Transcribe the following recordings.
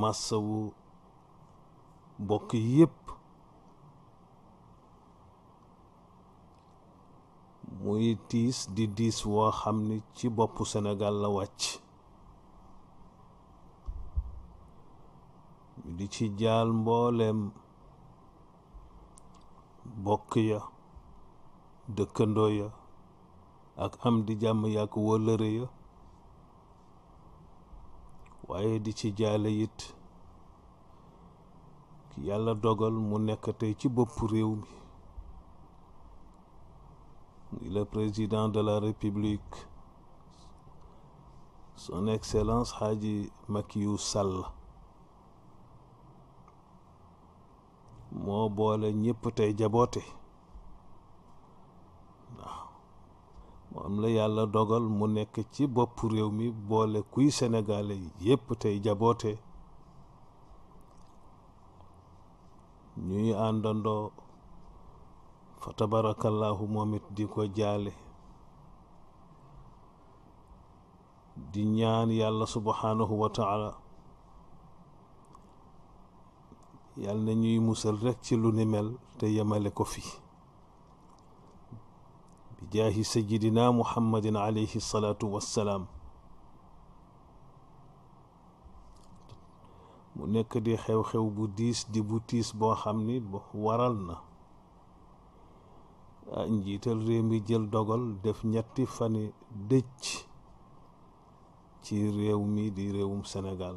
màssawu bokk yépp muy tiis di diis woo xam ni ci boppu Sénégal la wàcc di ci jaal mbooleem bokk ya dëkkandoo ya ak am di jàmm yàgg wëllëre ya waaye di ci jaale it ki yàlla dogal mu nekk tey ci boppu réew mi muy le président de la république son excellence Hadji Makiyu Sall moo boole ñépp tey jaboote moom la yàlla dogal mu nekk ci bopp réew mi boole kuy sénégalais yépp tey jaboote ñuy àndandoo fa tabarakallahu moom it di ko jaale di ñaan yàlla subhanahu wa taala yàlla na ñuy musal rekk ci lu ni mel te yemale ko fii bi jaahi sayidina muhammadin alayhi salaatu wassalaam mu nekk di xew-xew bu diis di bu tiis boo xam ni waral na ah, njiital réew mi jël dogal def ñetti fani dëcc ci réew mi di réewum Sénégal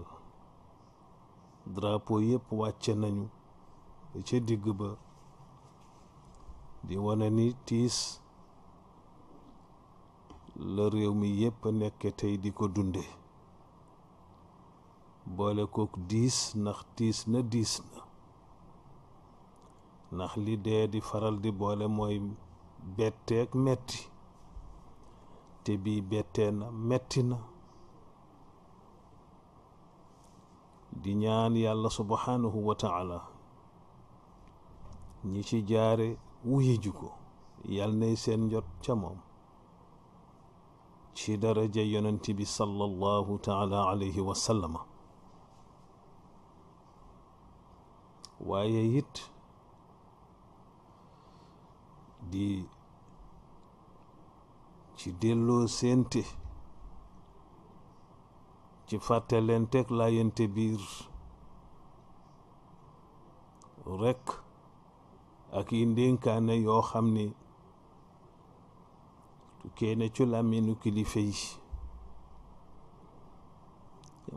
drapeau yépp wàcce nañu ca digg ba di wane ni tiis la réew mi yépp nekk tey di ko dunde boole kook diis ndax tiis na diis na ndax li dee di faral di boole mooy betteek metti te bii bettee na metti na di ñaan yàlla subhanahu wa ñi ci jaare wuyiju ko yàl nay seen njot ca moom ci daraja yonent bi sallallahu taala alayhi wa waaye it di ci delloo seente ci fàttalenteeg laayante biir rekk ak yi yoo xam ni tukkee na làmmiñu kilifa yi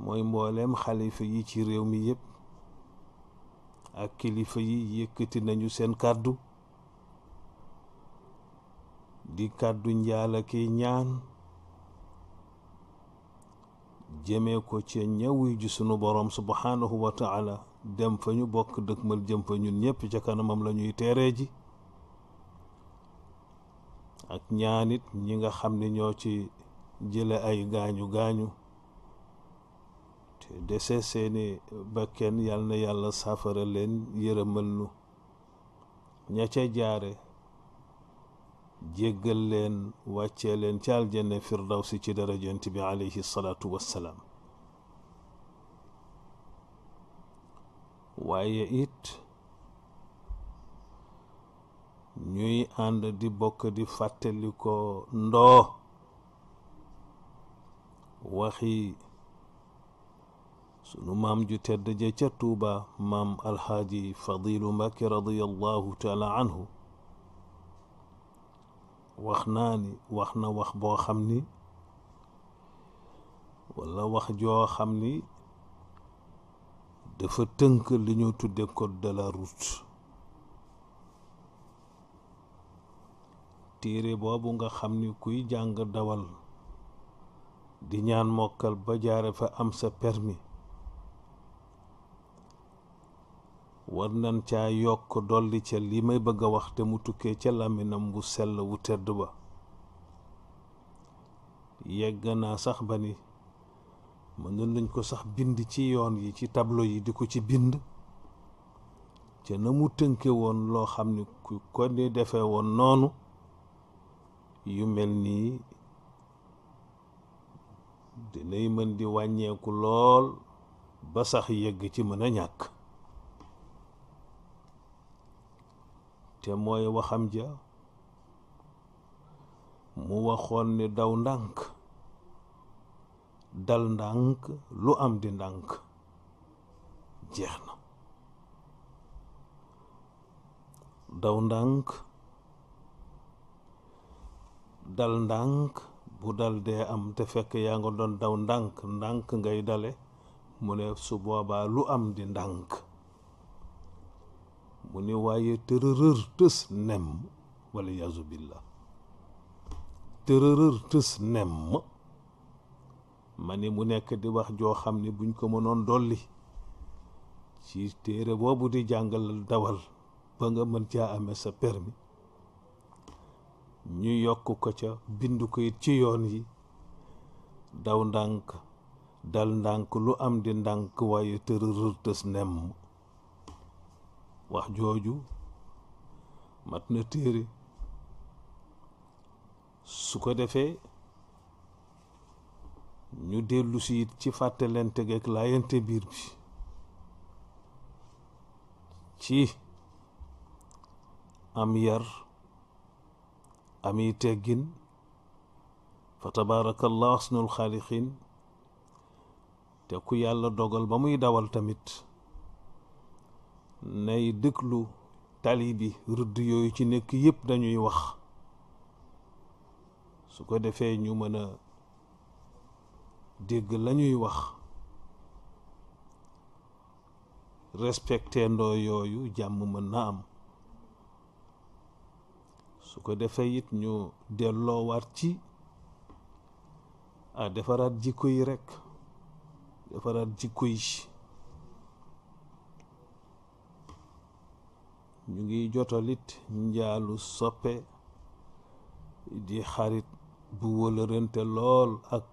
mooy mbooleem xalifa yi ci réew mi yépp ak kilifa yi yëkkati nañu seen kàddu di kàddu njaala ki ñaan jëmee ko ci ñawi ju sunu borom subhanahu wa taala dem fa ñu bokk dëkkmal jëm fa ñun ñépp ca kanamam la ñuy ji ak ñaanit ñi nga xam ni ñoo ci jële ay gaañu gaañu te dese seeni bakken yal na yàlla saafara leen yërëmal nu ña ca jaare jéggal leen wàccee leen ca aljanna si ci darajant bi alayhi salaatu wassalaam waaye it ñuy ànd di bokk di fàttali ko ndoo waxi sunu maam ju tedd ja ca tuuba maam alxaaji fadilu mbàkke radiallahu taala anhu wax naa wax na wax boo xam ni wala wax joo xam ni dafa tënk li ñu tudde ko de la téere boobu nga xam ni kuy jàng dawal di ñaan mokkal ba jaare fa am sa permi war nañ caa yokk dolli ca li may bëgg wax te mu tukkee ca làmminam bu sell wu tedd ba yegg naa sax ba ni mënoon nañ ko sax bind ci yoon yi ci tableau yi di ko ci bind ca na mu tënke woon loo xam ni ku ko ni defee woon noonu yu mel nii dinay mën di wàññeeku lool ba sax yëgg ci mën a ñàkk te mooy waxam ja mu waxoon ne daw ndànk dal ndànk lu am di ndànk jeex na daw ndànk dal ndànk bu dal dee am te fekk yaa nga doon daw ndànk ndànk ngay dale mu ne su boobaa lu am di ndànk mu ne waaye tërërër tës nemm wala yazu ma ni mu nekk di wax joo xam ne buñ ko mënoon dolli ci téere boobu di jàngal dawal ba nga mën caa amee sa permi ñu yokk ko ca bind ko it ci yoon yi daw ndànk dal ndànk lu am di ndànk waaye tërërër tës nemm wax jooju mat na téere su ko defee ñu dellu si it ci fàttalente geeg laayante biir bi ci am yar ami teggin fa tabaarakallah asnul xaaliqin te ku yàlla dogal ba muy dawal tamit nay dëkklu tali bi rëdd yooyu ci nekk yépp dañuy wax su ko defee ñu mën a dégg lañuy wax respecté ndoo yooyu jàmm mën na am su ko defee it ñu delloo delloowaat ci ah defaraat jikko yi rekk defaraat jikko yi ñu ngi jotalit njaalu soppe di xarit bu wëlërante lool ak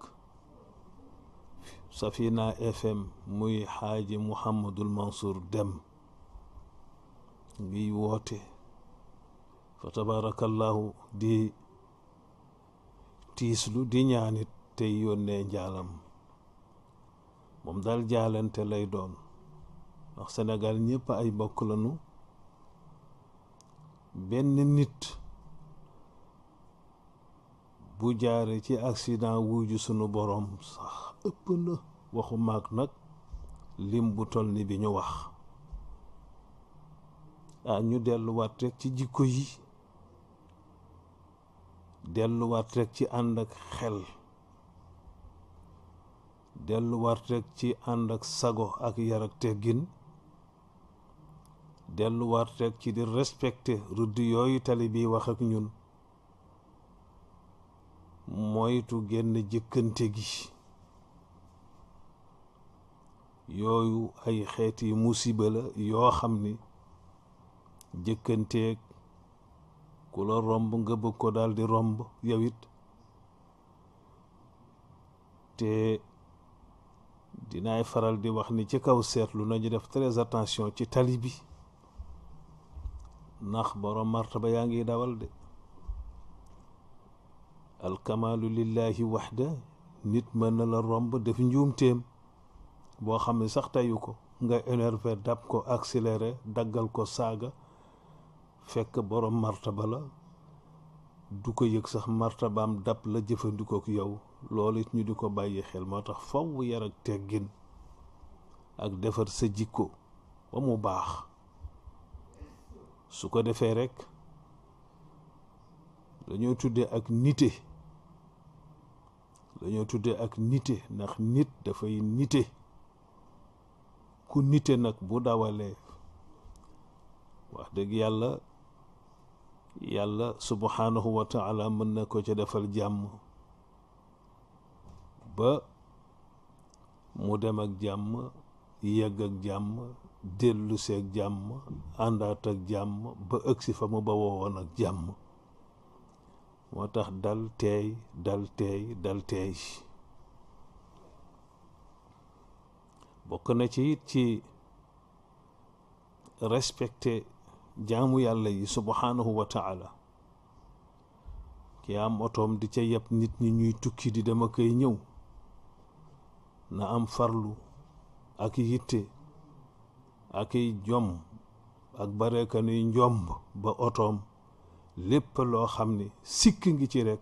Safina FM muy xaaji Mouhamadul Mansour dem ngiy woote fa tabaarakallaahu di tiislu di ñaanit tey yónnee njaalam moom daal jaalante lay doon ndax Sénégal ñëpp ay bokk lañu benn nit bu jaare ci accident wuuju sunu boroom sax ëpp na waxu maag nag lim bu toll ni bi ñu wax ah ñu delluwaat rekk ci jikko yi delluwaat rek ci ànd ak xel delluwaat rek ci ànd ak sago ak yar ak teggin delluwaat rek ci di respecté rudd yooyu tali bi wax ak ñun moytu génn jëkkante gi yooyu ay xeeti musiba la yoo xam ni jëkkanteek ku la romb nga bëgg ko daal di romb yow it te dinaay faral di wax ni ci kaw seetlu nañu def très attention ci tali bi ndax borom martaba yaa ngi dawal de alkamaalu wax waxda nit mën na la romb def njuumteem boo xam ne sax teyu ko nga énervé dab ko accéléré daggal ko saaga fekk borom martaba la du ko yëg sax martabaam dab la jëfandikook yow loolu it ñu di ko bàyyi xel moo tax faw yar teggin ak defar sa jikko ba mu baax su ko defee rekk dañoo tuddee ak nite dañoo tuddee ak nite ndax nit dafay nite ku nite nag bu dawalee wax dëgg yàlla yàlla subhanahu wa taala mën na ko ca defal jàmm ba mu dem ak jàmm yegg ak jàmm dellu seeg jàmm àndaat ak jàmm ba ëgsi fa mu ba woowoon ak jàmm moo tax dal teey dal teey dal teey bokk na ci it ci respecter jaamu yàlla yi subhanahu wa taala ki am otoom di ca yeb nit ñi ñuy tukki di dama koy ñëw na am farlu ak yitte ak i jom ak bareekanuy njomb ba otoom lépp loo xam ni sikk ngi ci rekk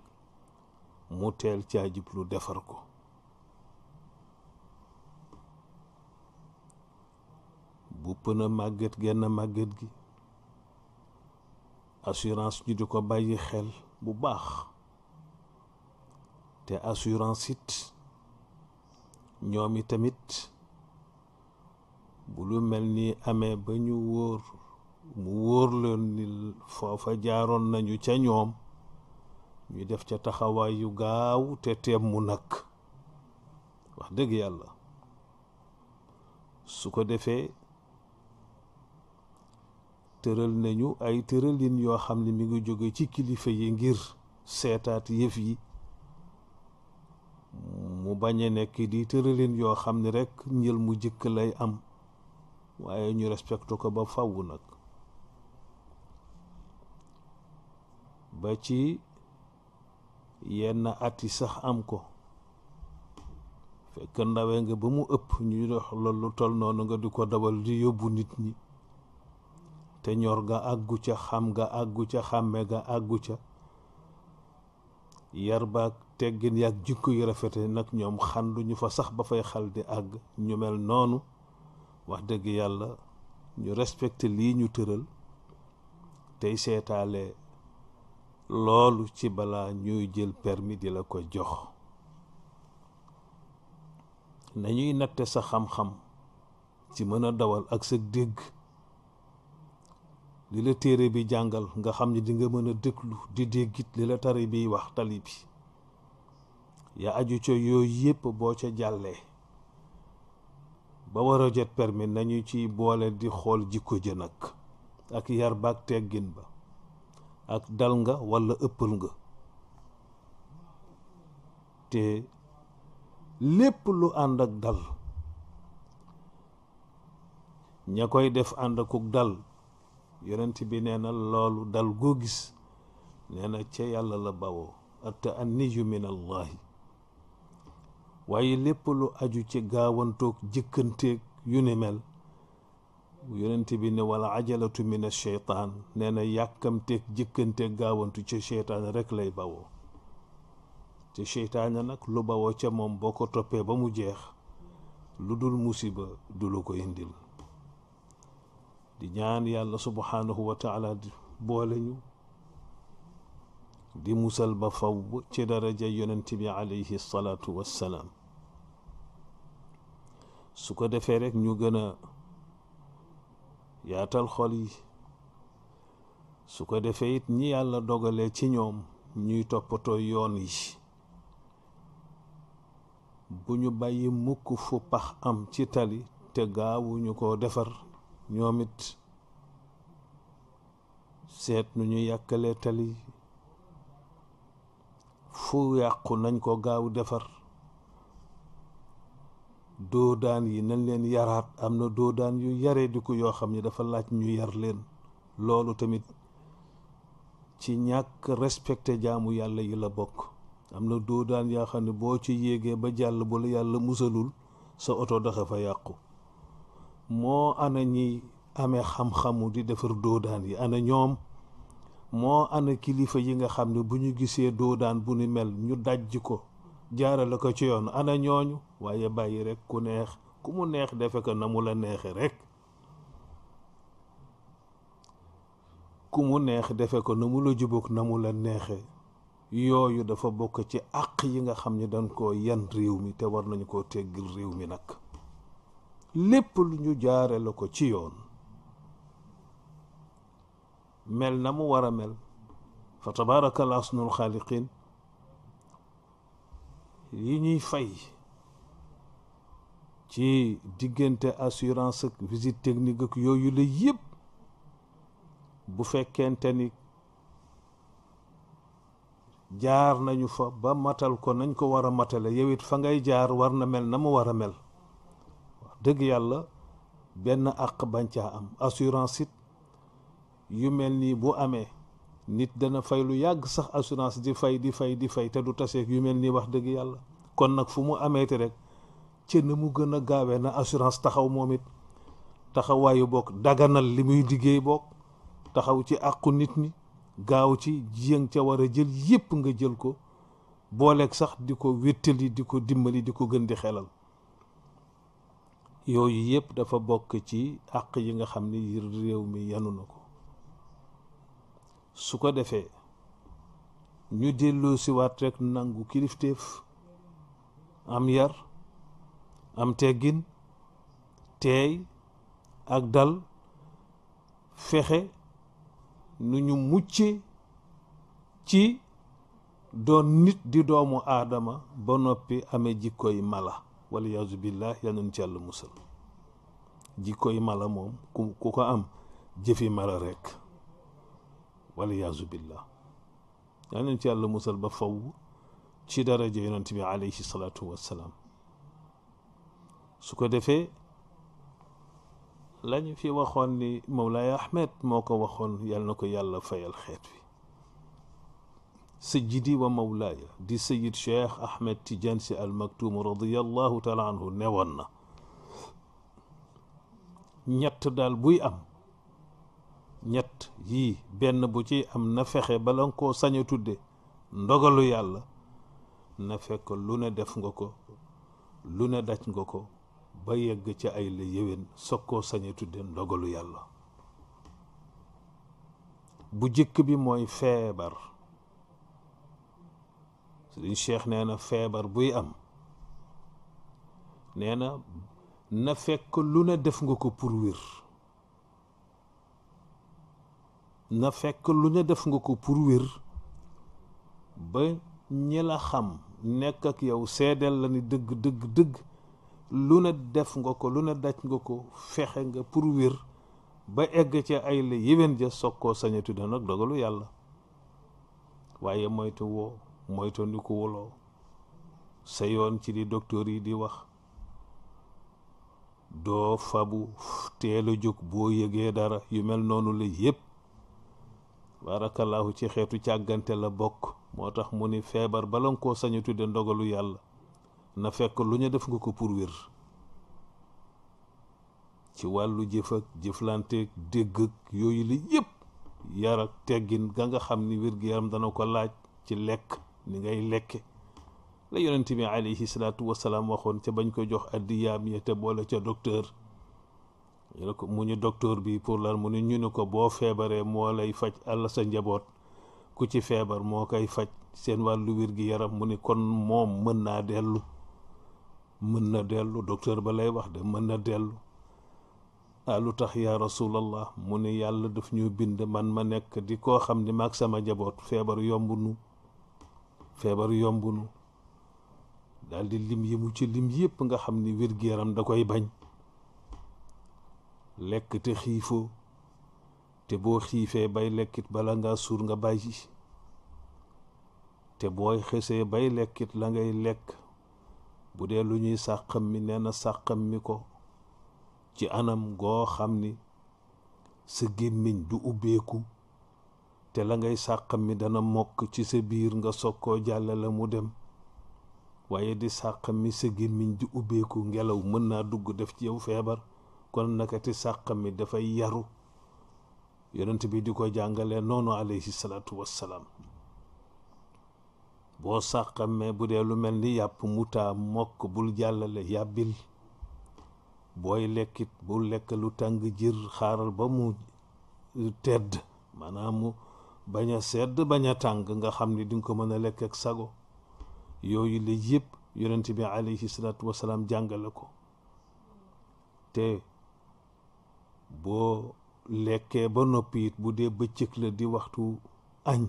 mu teel ca jublu defar ko bupp na màgget genn màgget gi assurance ñu di ko bàyyi xel bu baax te assurance it ñoom i tamit bu lu mel ni amee ba ñu wóor mu wóor ni foofa jaaroon nañu ca ñoom ñu def ca taxawaay yu gaaw te teem mu nag wax dëgg yàlla su ko defee tëral nañu ay tëralin yoo xam ne mi ngi jóge ci kilifa yi ngir seetaat yëf yi mu bañ a nekk di tëralin yoo xam ne rekk njël mu jëkk lay am waaye ñu respecte ko ba fawu nag ba ci yenn at yi sax am ko fekk ndawe nga ba mu ëpp ñu dox loolu toll noonu nga di ko dawal di yóbbu nit ñi te ñor ga àggu ca xam ga àggu ca xàmme ga àggu ca yar baag teggin yaag jikko yu rafete nag ñoom xandu ñu fa sax ba fay xal di àgg ñu mel noonu wax dëgg yàlla ñu respecté lii ñu tëral tey seetaale loolu ci balaa ñuy jël permi di la ko jox nañuy natte sa xam-xam ci mën a dawal ak sa dégg li la téere bi jàngal nga xam ne di nga mën a déglu di déggit li la tari bi wax tali bi yaa aju ca yooyu yépp boo ca jàllee ba wara a jot permis nañu ci boole di xool jikko ja nag ak yar baag teggin ba ak dal nga walla ëppal nga te lépp lu ànd ak dal ña koy def ànd akuk dal yonent bi nee na loolu dal goo gis nee na ca yàlla la bawoo te anniju min allahi waaye lépp lu aju ci gaawantoog jëkkanteeg yu ni mel yonent bi ne wala ajalatu min asheytaan nee na yàkkamteeg jëkkanteeg gaawantu ca cheytaan rekk lay bawoo te cheytaan nag lu bawoo ca moom boo ko toppee ba mu jeex lu dul musiba du la ko indil di ñaan yàlla subhaanahu wa taala boole ñu di musal ba faw ci daraja yonent bi alayhi salaatu wassalaam su ko defee rekk ñu gën a yaatal xol yi su ko defee it ñi yàlla dogale ci ñoom ñuy toppatoo yoon yi bu ñu bàyyi mukk fu pax am ci tali te gaawuñu ko defar ñoom it seet nu ñu yàkkalee tali fu yàqu nañ ko gaaw defar doodaan yi nañ leen yaraat am na doodaan yu yaree di ko yoo xam ne dafa laaj ñu yar leen loolu tamit ci ñàkk respecte jaamu yàlla yi la bokk am na doodaan yaa xam ne boo ci yéegee ba jàll bu yàlla musalul sa oto daxa fa yàqu moo ana ñi ame xam-xamu di defar doodaan yi ana ñoom moo ana kilifa yi nga xam ne bu ñu gisee doodaan bu ni mel ñu dajj ko jaarale ko ci yoon ana ñooñu waaye bàyyi rekk ku neex ku mu neex defe ko na mu la neexe ku mu neex defe ko na mu la jubóog na mu la neexe yooyu dafa bokk ci àq yi nga xam ni dañ koo yan réew mi te war nañu koo teggil réew mi nag lépp lu ñu jaare la ko ci yoon mel na mu war a mel fa tabaraka la asnul yi ñuy fay ci diggante assurance ak visite technique ak yooyu la yëpp bu fekkente ni jaar nañu fa ba matal ko nañ ko war a matale yowit fa ngay jaar war na mel na mu war a mel dëgg yàlla benn àq bañ caa am assurance it yu mel nii bu amee nit dana fay lu yàgg sax assurance di fay di fay di fay te du taseeg yu mel nii wax dëgg yàlla kon nag fu mu ameeti rek ci na mu gën a gaawee na assurance taxaw moom it taxawaayu bokk daganal li muy liggéey bokk taxaw ci àqu nit ñi gaaw ci jiyang ca war a jël yépp nga jël ko booleeg sax di ko wéttali di ko dimbali di ko gën di xelal yooyu yëpp dafa bokk ci àq yi nga xam ni réew mi yanu na ko su ko defee ñu delloo waat rek nangu kilifteef am yar am teggin teey ak dal fexe nu ñu mucce ci doon nit di doomu aadama ba noppi amee jikkoy mala wala yaasu billah yanoon ci yàlla musal jikkoy mala moom ku ku ko am jëfi mala rekk wala yaasu billah yanoon ci yàlla musal ba faw ci daraja yonent bi alayhi salaatu wassalaam su ko defee lañu fi waxoon ni Mawlaay Ahmed moo ko waxoon yàlla na ko yàlla fayal xeet wi sajjidi wa mawlaaya di sayid cheikh ahmed tidiane si al maktum radiallahu taala anhu newoon na ñett daal buy am ñett yii benn bu ci am na fexe bala nga koo sañ a tudde ndogalu yàlla na fekk lu ne def nga ko lu ne daj nga ko ba yegg ci ay la yéwén soog koo sañ tudde ndogalu yàlla bu jëkk bi mooy feebar sëriñ Cheikh nee na feebar buy am nee na na fekk lu nga ko pour wér na fekk lu ne def nga ko pour wér ba ñi la xam nekk ak yow seedeel la ne dëgg dëgg dëgg lu ne def nga ko lu ne daj nga ko fexe nga pour wér ba egg ca ay la yéwén ja soog koo sañatu da nag dogalu yàlla waaye moytu woo moytandiku sa yoon ci di doktoor yi di wax doo fabu teel jóg boo yëgee dara yu mel noonu la yépp barakallahu ci xeetu càggante la bokk moo tax mu ni feebar balankoo sañu tudde ndogalu yàlla na fekk lu ñu def nga ko pour wér ci wàllu jëf ak jëflanteeg dégg ak yooyu la yépp yar teggin ga nga xam ni wér-gi-yaram dana ko laaj ci lekk ni ngay lekke la yonent bi alayhi salaatu waxoon ca bañ ko jox addiyaam ya te boole ca docteur ne ko mu ñu docteur bi pour lan mu ne ñu ne ko boo feebaree moo lay faj àll sa njaboot ku ci feebar moo koy faj seen wàllu wir gi yaram mu ne kon moom mën naa dellu mën na dellu docteur ba lay wax de mën na dellu ah, lu tax yaa rasulallah mu ne yàlla daf ñu bind man ma nekk di koo xam ne ak sama njaboot feebar yomb nu feebar yombunu daal di lim yi mu ci lim yépp nga xam ni wér-gu-yaram da koy bañ lekk te xiifoo te boo xiifee bay lekkit bala nga suur nga bàyyi te booy xesee bay lekkit la ngay lekk bu dee lu ñuy sàqam mi nee na mi ko ci anam goo xam ni sa gémmiñ du ubbeeku te la ngay sàqam mi dana mokk ci sa biir nga soog koo jàllale mu dem waaye di sàqam mi sa gémmiñ di ubbeeku ngelaw mën naa dugg def ci yow feebar kon naka te mi dafay yaru yonent bi di ko jàngale noonu alayhi salaatu wassalaam boo sàqamee bu dee lu mel ni yàpp mu taa mokk bul jàllale yàbbil booy lekkit bul lekk lu tàng jir xaaral ba mu tedd bañ a sedd bañ a tàng nga xam ni dinga ko mën a lekk ak sago yooyu la yëpp yonent bi alayhi salaatu wasalaam jàngale ko te boo lekkee ba noppi bu dee bëccëg la di waxtu añ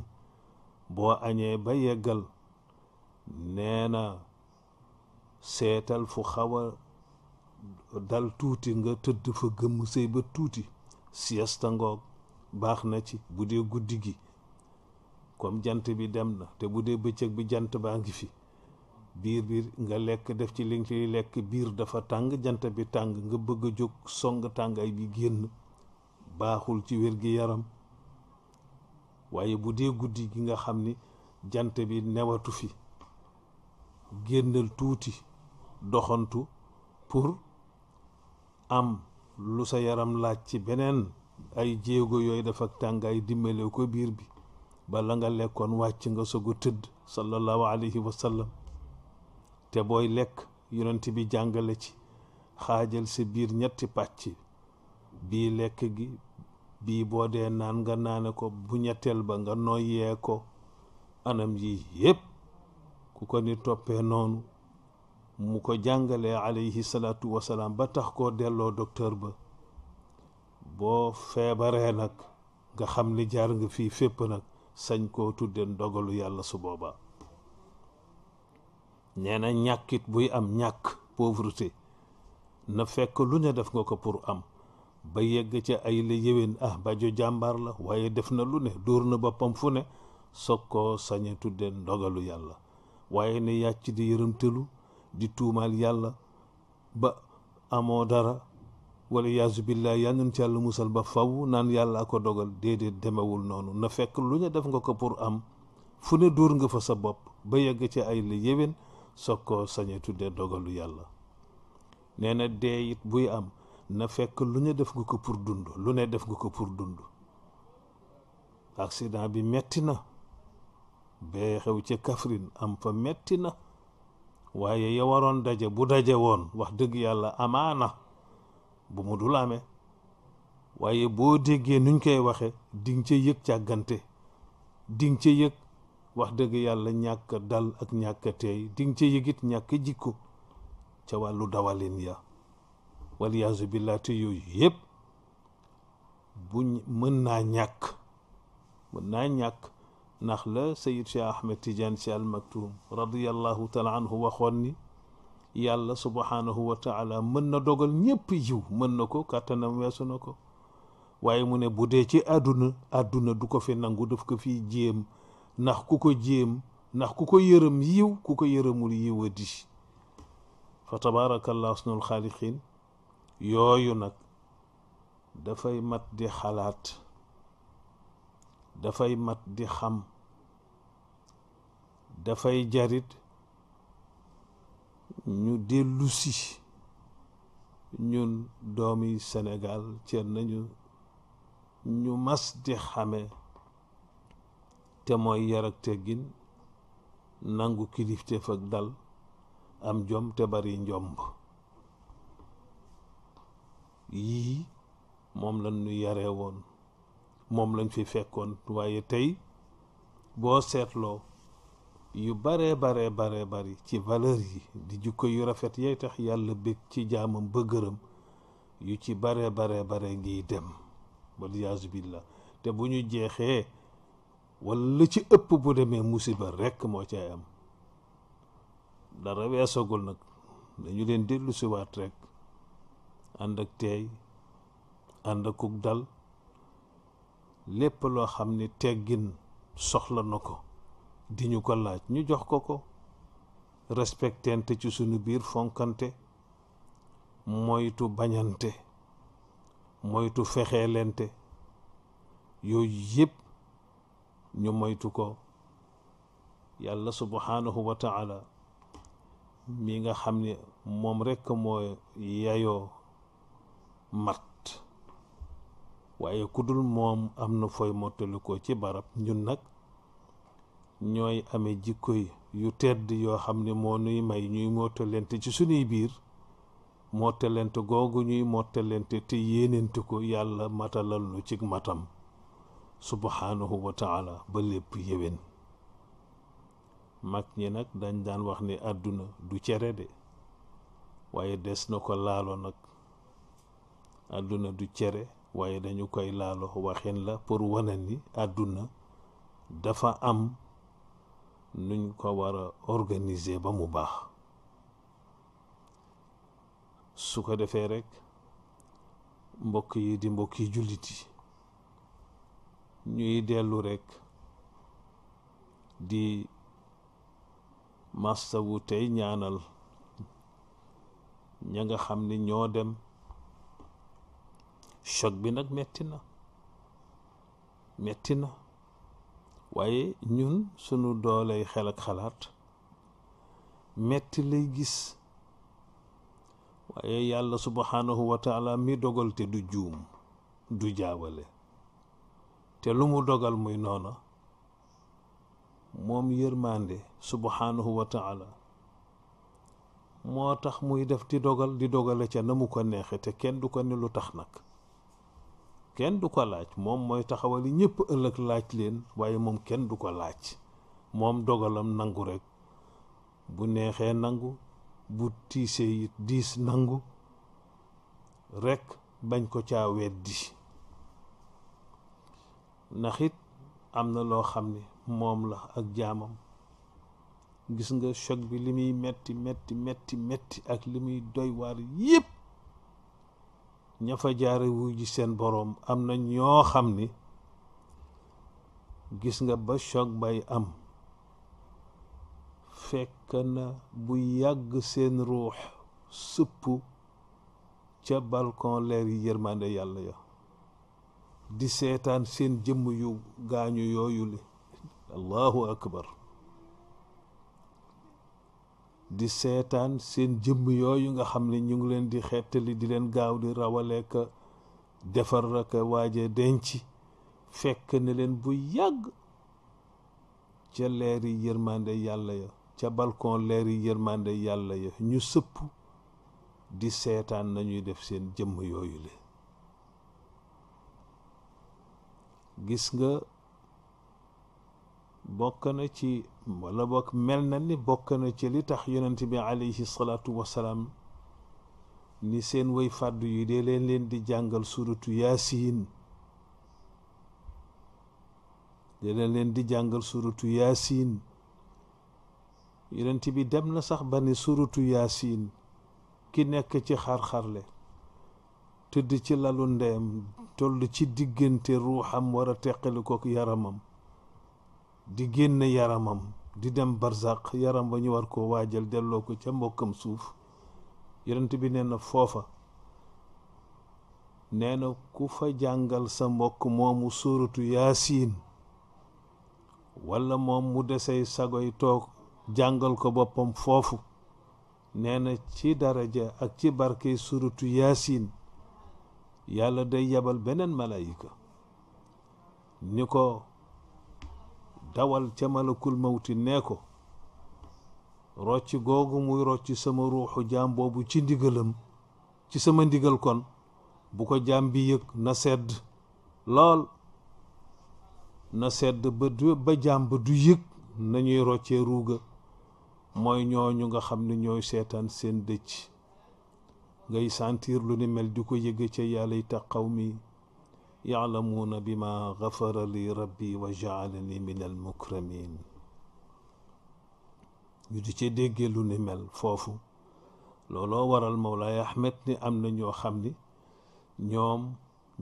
boo añee ba yeggal nee na seetal fu xaw dal tuuti nga tëdd fa gëmm sëy ba tuuti siesta ngoog baax na ci bu dee guddi gi comme jant bi dem na te bu dee bëccëg bi jant baa ngi fi biir biir nga lekk def ci li nga ciy lekk biir dafa tàng jant bi tàng nga bëgg jóg song tàngaay bi génn baaxul ci wér-gi-yaram waaye bu dee guddi gi nga xam ni jant bi newatu fi génnal tuuti doxantu pour am lu sa yaram laaj ci beneen ay jéego yooyu dafa tàngaay dimbale ko biir bi bala nga lekkoon wàcc nga soog tëdd sallallahu alayhi wa te booy lekk yonent bi jàngale ci xaajal sa biir ñetti pàcc bii lekk gi bii boo dee naan nga naane ko bu ñetteel ba nga noyyee ko anam yi yépp ku ko ni toppee noonu mu ko jàngalee alayhi salaatu wasalaam ba tax koo delloo docteur ba boo feebaree nag nga xam ni jaar nga fii fépp nag sañ koo tudde ndogalu yàlla su booba nee na ñàkkit buy am ñàkk pauvreté na fekk lu ne def nga ko pour am ba yegg ca ay la yéwén ah bajo jàmbaar la waaye def na lu ne dóor na boppam fu ne sog koo saña a tudde ndogalu yàlla waaye ne yàcc di yërëmtalu di tuumaal yàlla ba amoo dara wala yaasu billah yal nañ ci yàlla musal ba faw naan yàlla ko dogal déedéet demewul noonu na fekk lu ñu def nga ko pour am fu ne duur nga fa sa bopp ba yegg ci ay la yéwén soog koo sañe tudde dogalu yàlla nee na dee buy am na fekk lu ne def nga ko pour dund lu ne def nga ko pour dund accident bi metti na bee xew ci Kaffrine am fa metti na waaye ya waroon daje bu daje woon wax dëgg yàlla amaana bu mu dul amee waaye boo déggee nuñ koy waxe di nga ca yëg càggante di ca yëg wax dëgg yàlla ñàkk dal ak ñàkk teey di ca yëgit ñàkk jikko ca wàllu dawalin ya waliyaasu billah te yooyu yëpp buñ na ñàkk mën na ñàkk ndax la sayid cheikh ahmed tidiane si al maktum anhu waxoon ni yàlla subhanahu wa mën na dogal ñépp yiw mën na ko kàttanam weesu na ko waaye mu ne bu dee ci àdduna àdduna du ko fi nangu daf ko fi jéem ndax ku ko jéem ndax ku ko yërëm yiw ku ko yërëmul yiw a di fa tabaarakallah asnul xaaliqin yooyu nag dafay mat di xalaat dafay mat di xam dafay jarit ñu dellusi si ñun doomi Sénégal ceer nañu ñu mas di xame te mooy yar ak teggin nangu kilifteef ak dal am jom te bari njomb yii moom lañ ñu woon moom lañ fi fekkoon waaye tey boo seetloo yu baree baree baree bari ci valeur yi di jukko yu rafet yay tax yàlla bég ci jaamam ba gërëm yu ci bare bare bare ngiy dem waliyaasu billah te bu ñu jeexee wala ci ëpp bu demee musiba rekk moo cay am dara weesagul nag dañu leen dellu siwaat rekk ànd ak teey ànd akuk dal lépp loo xam ne teggin soxla na ko di ñu ko laaj ñu jox ko ko respectante ci sunu biir fonkante moytu bañante moytu fexeelente yooyu yëpp ñu moytu ko yàlla subhanahu wa mi nga xam ne moom rekk moo yayoo mat waaye ku dul moom am na fooy mottali ko ci barab ñun nag ñooy amee jikko yu tedd yoo xam ne moo nuy may ñuy mottalante ci sunuy biir mottalante googu ñuy mottalante te yéenante ko yàlla matalal nu ci matam subhaanahu wa ba lépp yéwén mag ñi nag dañ daan wax ni àdduna du cere de waaye des na ko laalo nag àdduna du cere waaye dañu koy laalo waxin la pour wane ni àdduna dafa am nuñ ko war a organiser ba mu baax su ko defee rekk mbokk yi di mbokk yi jullit ñuy dellu rekk di mastawu tey ñaanal ña nga xam ni ñoo dem choc bi nag metti na metti na waaye ñun sunu dooley xel ak xalaat metti lay gis waaye yàlla subhaanahu wa mi dogal te du juum du jaawale te lu mu dogal muy noona moom yërmande subhaanahu wa moo tax muy def di dogal di dogale ca na mu ko neexe te kenn du ko ne lu tax nag kenn du ko laaj moom mooy taxawali ñëpp ëllëg laaj leen waaye moom kenn du ko laaj moom dogalam nangu rekk bu neexee nangu bu tiisee it diis nangu rekk bañ ko caa weddi ndax it am na loo xam ne moom la ak jaamam gis nga choc bi li muy metti metti metti metti ak li muy doy waar yépp ña fa jaare wuy ji seen boroom am na ñoo xam ni gis nga ba choc bay am fekk na bu yàgg seen ruux sëpp ca balcon leer yi yërmande yàlla ya di seetaan seen jëmm yu gaañu yooyu li allahu akbar di seetaan seen jëmm yooyu nga xam ni ñu ngi leen di xettali di leen gaaw di rawaleek defar ak waaje denc fekk ni leen bu yàgg ca leeri yërmande yàlla ya ca balcon leeri yërmande yàlla ya ñu sëpp di seetaan nañuy def seen jëmm yooyu le gis nga bokk na ci wala bokk mel na ni bokk na ci li tax yonent bi alayhi salaatu wasalaam ni seen way fàddu yi dee leen leen di jàngal suratu yaasiin dee leen leen di jàngal suratu yaasiin yonent bi dem na sax ba ni suratu yaasiin ki nekk ci xarxarle xarle tëdd ci lalu ndeyam toll ci diggante ruuxam wara a teqali yaramam di génn yaramam di dem barzaq yaram ba ñu war koo waajal delloo ko ca mbokkam suuf yonent bi nee foofa neena ku fa jàngal sa mbokk moomu suuratu yaasiin walla moom mu desey sagoy toog jàngal ko boppam foofu nee ci daraja ak ci barke suuratu yaasiin yàlla day yebal beneen malaayika ni ko dawal ca malakul mawti nee ko rocc googu muy rocc sama ruuxu jaam boobu ci ndigalam ci sama ndigal kon bu ko jaam bi yëg na sedd lool na sedd ba du ba jaam ba du yëg nañuy roccee ruuga mooy ñooñu nga xam ni ñooy seetaan seen dëcc ngay sentir lu ni mel di ko yëg ca yàlla yi taxaw mi يعلمون بما غفر لي ربي وجعلني من المكرمين ñu di ci déggee lu ni mel foofu looloo waral Mawlaay Ahmed ni am na ñoo xam ni ñoom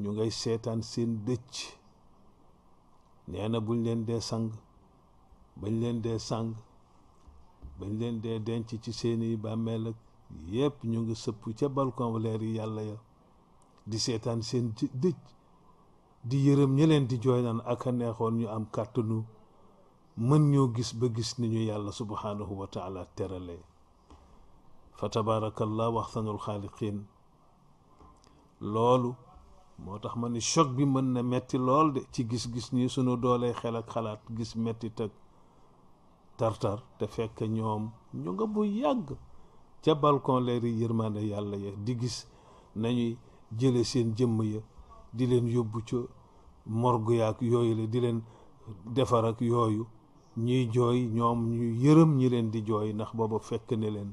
ñu ngay seetaan seen dëcc nee na buñ leen dee sang bañ leen dee sang bañ leen dee denc ci seeni bàmmeel ak yépp ñu ngi sëpp ca balcon yi yàlla ya di seetaan seen dëcc di yërëm ñi leen di jooy naan ak a neexoon ñu am kàttanu mën ñoo gis ba gis ni ñu yàlla subhaanahu wa taala terale fa tabaarakallah waxsanul xaaliqin loolu moo tax ma ni choc bi mën na metti lool de ci gis-gis nii sunu doolee xel ak xalaat gis mettit ak tartar te fekk ñoom ñu nga bu yàgg ca balcon leeri yërmaande yàlla ya di gis nañuy jële seen jëmm ya di leen yóbbu ca morgue yaak yooyu la di leen defarak yooyu ñuy jooy ñoom ñu yërëm ñi leen di jooy ndax booba fekk ne leen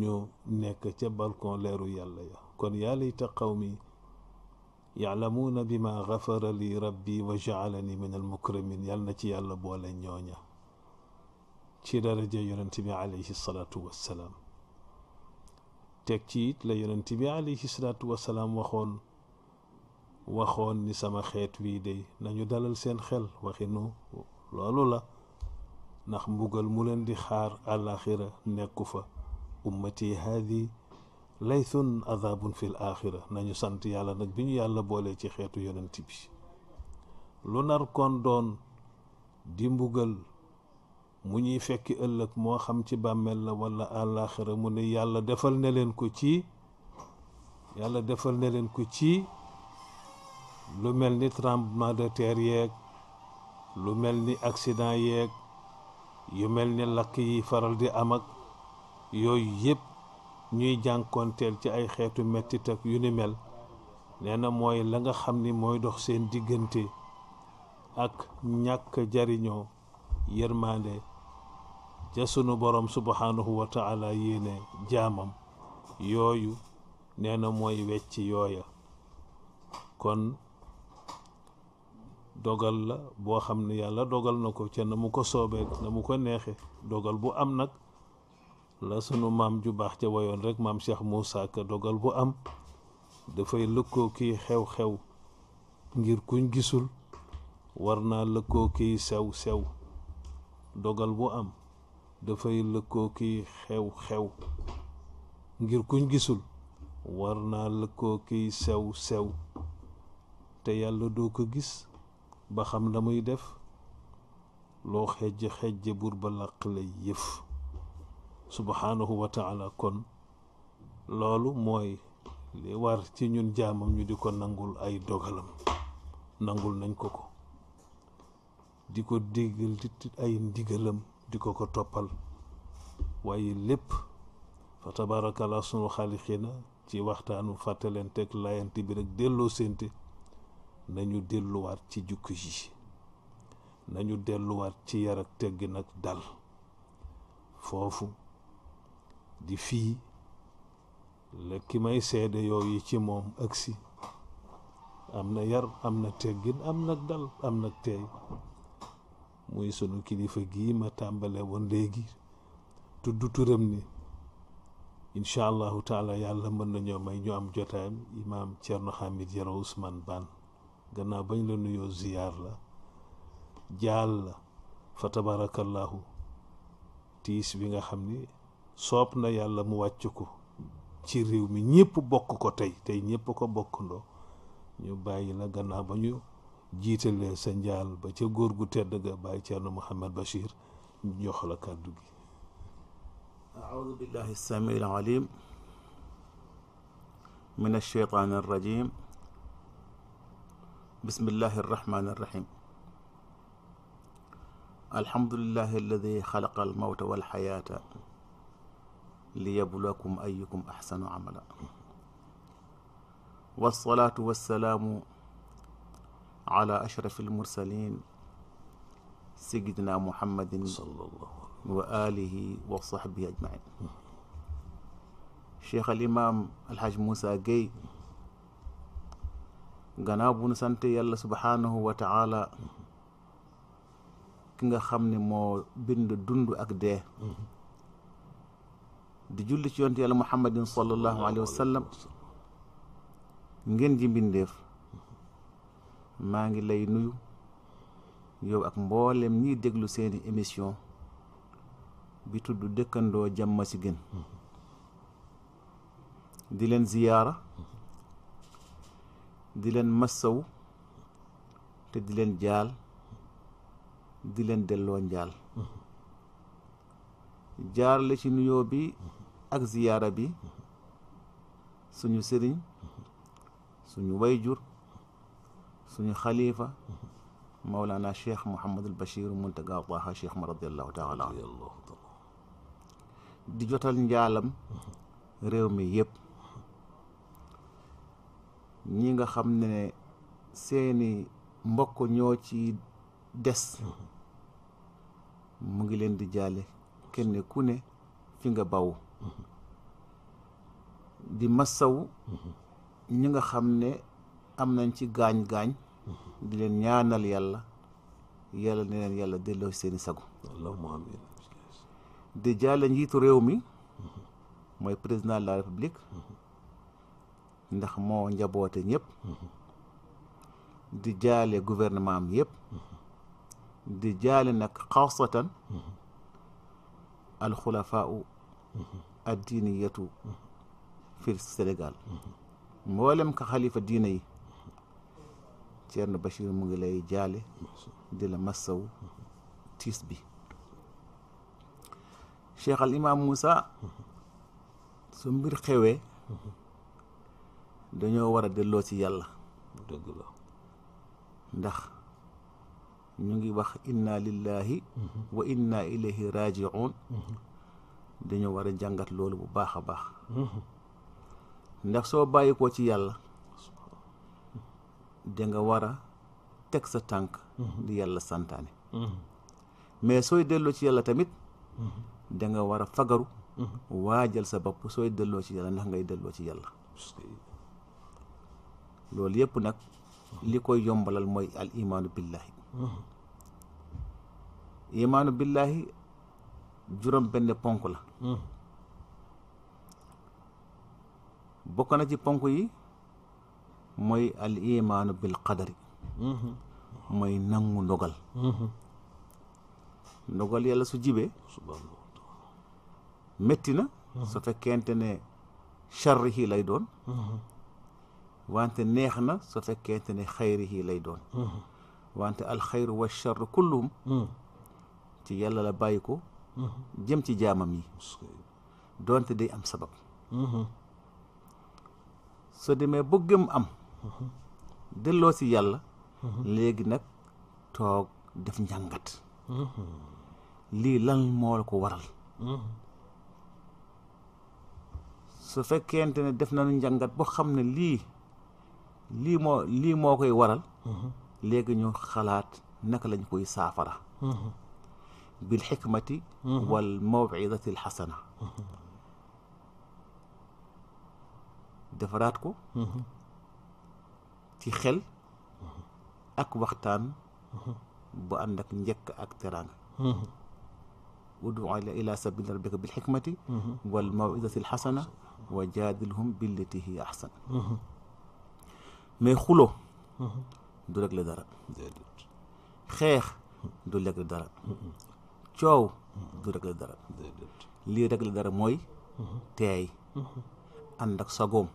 ñu nekk ca balcon leeru yàlla ya kon yàlla yi layta qawmi yaalamuuna bi ma xafara li rabbi wa jaalani min al mukramin yàlla na ci yàlla boole ñooña ci daraja yonent bi alayhi salaatu wassalaam teg ci it la yonent bi waxoon waxoon ni sama xeet wii de nañu dalal seen xel waxinu loolu la ndax mbugal mu leen di xaar àllaaxira nekku fa ummati haadi laythun azabun fil axira nañu sant yàlla nag bi ñu yàlla boolee ci xeetu yonent bi lu nar kon doon di mbugal mu ñuy fekki ëllëg moo xam ci bàmmeel la walla àllaaxira mu ne yàlla defal ne leen ko ci yàlla defal ne leen ko ci lu mel ni tremblement de yeeg lu mel ni accident yeeg yu mel ni lakk yi faral di am ak yooyu yépp ñuy jànkoonteel ci ay xeetu mettit ak yu ni mel nee na mooy la nga xam ni mooy dox seen diggante ak ñàkk jariñoo yërmaande ca sunu borom subhanahu wa taala yéene jaamam yooyu nee na mooy wecc yooya kon dogal la boo xam ne yàlla dogal na ko ca na mu ko soobee na mu ko neexe dogal bu am nag la sunu maam ju baax ca wayoon rekk maam seex Moussa Ka dogal bu am dafay lëkkoo kii xew-xew ngir kuñ gisul war naa lëkkoo kii sew-sew dogal bu am dafay lëkkoo kii xew-xew ngir kuñ gisul war naa lëkkoo kii sew-sew te yàlla doo ko gis ba xam la muy def loo xejj xejj buur ba làq la yëf subhaanahu wa taala kon loolu mooy li war ci ñun jaamam ñu di ko nangul ay dogalam nangul nañ ko ko di ko digal ay ndigalam di ko ko toppal waaye lépp fa tabaaraka sunu xaalixiina ci waxtaanu fàttaleen teg layante bi rek delloo séente nañu delluwaat ci jukki ji nañu delluwaat ci yar ak teggin ak dal foofu di fii la ki may seede yooyu ci moom agsi am na yar am na teggin am na dal am na teey muy sunu kilifa gii ma tàmbale woon léegi tudd turam ni incha allahu taala yàlla mën nañoo may ñu am jotaayam imaam Thierno Hamid Yero Ousmane Bane gannaaw bañ la nuyoo ziyaar la jaal la fa tabarakallahu tiis bi nga xam ni soob na yàlla mu wàcc ko ci réew mi ñépp bokk ko tey tey ñépp ko bokkandoo ñu bàyyi la gannaaw ba ñu jiitalee sa njaal ba ca góor gu tedd ga bàyyi Ceerno Muhammad Bachir ñu jox la kàddu gi aoudu billahi samiil alim min alcheytaan alrajim bismillahi irrahmani irrahim alhamdulilahi alladi xalaqa almawta walxayaata liyabluwakum ayukum axsanu amala walsalaatu walsalaamu ala ashrafi almursalin sayidina muhammadin wa alihi wa saxbihi ajmain cheikh alimaam alhaj Moussa Gueye gannaaw bu nu sante yàlla subhaanahu wa taala ki nga xam ne moo bind dund ak dee di julli ci yonte yàlla muhammadin sallallahu alayhi wa ngeen ji mbindeef maa ngi lay nuyu yow ak mboolem ñiy déglu seeni émission bi tudd dëkkandoo jàmm si gën di leen ziyaara di leen massaw te di leen jaal di leen delloo njaal jaar la ci nuyoo bi ak ziyaara bi suñu sëriñ suñu wayjur suñu xalifa Mawlana Cheikh Mouhamadul Bachir Muntaga Taha Cheikh ma radiallahu taala di jotal njaalam réew mi yëpp ñi nga xam ne seeni mbokk ñoo ci des mu ngi leen di jàlle kenn ku ne fi nga baw di ma saw ñi nga xam ne am nañ ci gaañ-gaañ di leen ñaanal yàlla yàlla ne leen yàlla delloo seeni sago allahumma amiin di jaale njiitu réew mi mooy président de la république ndax moo njaboote ñëpp di jaale gouvernement am yëpp di jaale nag xawsatan alxulafaau addiniyatu fii Sénégal mboolem ka xalifa diina yi Thierno Bachir mu ngi lay jaale di la massaw tiis bi Cheikh al Imam Moussa su mbir xewee dañoo war a delloo ci yàlla dëgg ndax ñu ngi wax inna lillahi mhm. wa inna ilayhi rajiun mhm. dañoo war a jàngat loolu bu baax a baax mhm. ndax soo bàyyi ko ci yàlla danga war a teg sa tànk di yàlla santaane mais sooy delloo ci yàlla tamit danga war a fagaru waajal sa bopp sooy delloo ci yàlla ndax ngay delloo ci yàlla loolu yëpp nag li koy yombalal mooy al imaanu billahi imaanu billahi juróom benn ponk la bokk na ci ponk yi mooy al imaanu bil qadari mooy nangu ndogal ndogal yàlla su jibee metti na su fekkente ne charri yi lay doon wante neex na su fekkente ne xayri yi lay doon mm-hmm. wante alxayru wa charr kullum mm-hmm. ci yàlla la bàyyi ko mm-hmm. jëm ci jaamam yi doonte day am sabab soo demee ba gëm am delloo si yàlla léegi nag toog def njàngat lii lan moo la ko waral su fekkente ne def nañu njàngat boo xam ne lii lii moo koy waral mhm. léegi ñu xalaat naka lañ koy saafara mhm. bil xikmati mhm. wal mawcidati al xasana defaraat ko ci xel ak waxtaan bu ànd ak ak teraanga udu ila sabili rabbika bil xikmati wal mawcidati al xasana wa jaadilhum billati hiya axsan mais xuloo mm-hmm. du régler dara xeex du régler dara mm-hmm. coow mm-hmm. du régler dara lii régler dara mooy teey ànd ak sagoom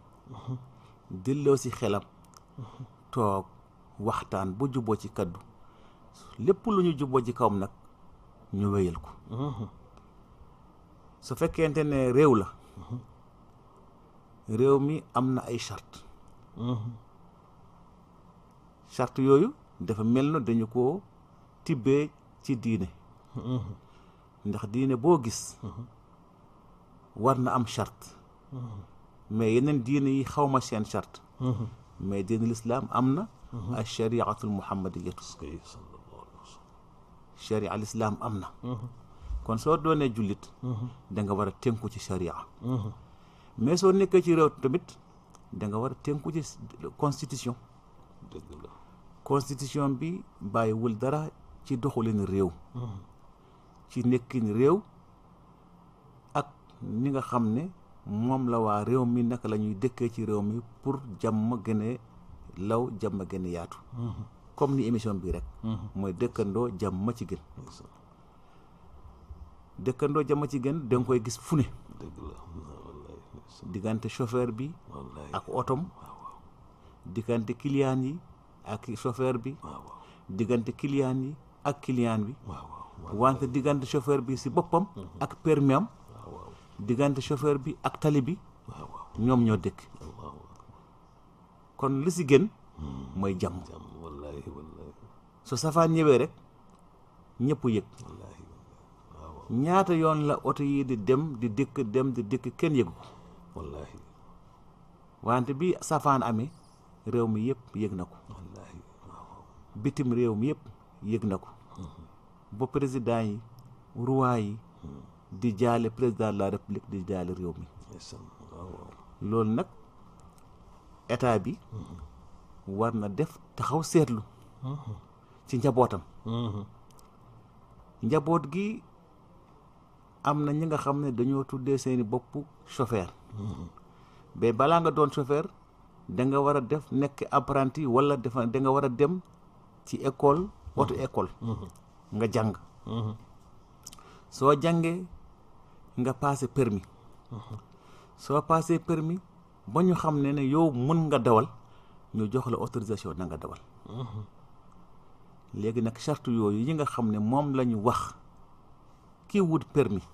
delloo ci xelam toog waxtaan bu juboo ci kaddu lépp lu ñu juboo ci kaw nag ñu wéyal ko su fekkente ne réew la réew mi am na ay charte charte yooyu dafa mel na dañu ko tibbee ci diine ndax diine boo gis war na am charte mais yeneen diine yi xawma seen charte mais diine lislaam am na al shariatul muhammadiyatu sharia al islaam am na kon soo doonee jullit da nga war a tënku ci sharia mais soo nekkee ci réew tamit da nga war a ci constitution dëgg bi bàyyiwul dara ci doxalin réew. ci nekkin réew ak ni nga xam ne moom la waa réew mi naka la ñuy dëkkee ci réew mi pour jàmm gën a law jàmm gën a yaatu. comme ni émission bii rek. mooy dëkkandoo ma ci gën. dëkkandoo jàmm ci gën da koy gis fu ne. diggante chauffeur bi. ak otom. diggante client yi ak chauffeur bi. yi ak client bi. wante diggante chauffeur bi si boppam. Mhm. ak permis am. diggante chauffeur bi ak tali bi. ñoom ñoo dëkk. kon li si gën. Hmm. mooy jàmm. su safaan ñëwee rek ñëpp yëg. ñaata yoon la oto yi di dem di dëkk dem di dëkk kenn yëgu. wante bi safaan amee. réew mi yëpp yëg na ko bitim réew mi yëpp yëg na ko mm-hmm. ba président yi roi yi mm-hmm. di jaale président la république di jaale réew mi loolu nag état bi mm-hmm. war na def taxaw seetlu ci njabootam njaboot gi am na ñi nga xam ne dañoo tuddee seeni boppu chauffeur mais balaa nga doon chauffeur danga war a def nekk apprenti walla dafa da nga war a dem ci école auto mhm. école mhm. nga jàng mhm. soo jàngee nga passé permis soo passé permis ba ñu xam ne ne yow mën nga dawal ñu jox la autorisation na nga dawal léegi nag charte yooyu yi nga xam ne moom la ñu wax kii wut permis